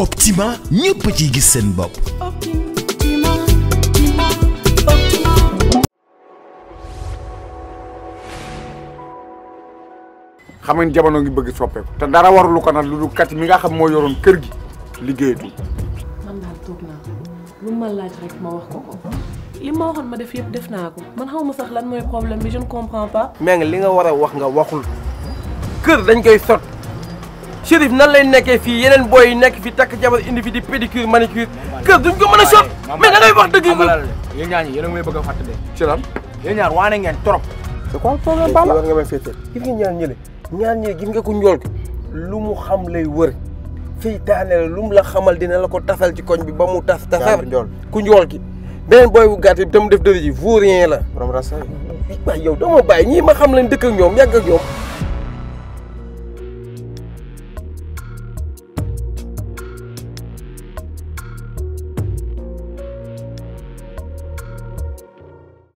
Optima ñepp ci gis seen bop xam nga jamono ngi bëgg soppeeku té dara lu ko nag lu kat mi nga xam mo yoron kër gi du man dal tok na lu ma laaj rek ma wax ko ko. li ma waxon ma def yépp def na ko man xawma sax lan moy problème bi je ne comprends pas. mais li nga wara wax nga waxul kër dañ koy sot Sherif nan lay nekké fi yenen boy yi nekk fi tak jabar individu fi pédicure manicure kër duñ ko mëna a mais da ngay wax deug yéen ñaar ñaan yi a ngi may bëgg a fàttali Chérif yéen ñaar waane ngeen trop c'est quoi problème Bamba nga may fété gis nga ñaan ñëlé ñaan ñi gis nga ko njool lu mu xam lay wër fi taane lu mu la xamal dina la ko tafal ci koñ bi ba mu taf tafar ku njool ki beneen booy bu gàtt bi tam def vous rien la borom rasay ba yow dama bay ñi ma xam lañ dëkk ak ñom yàgg ak ñom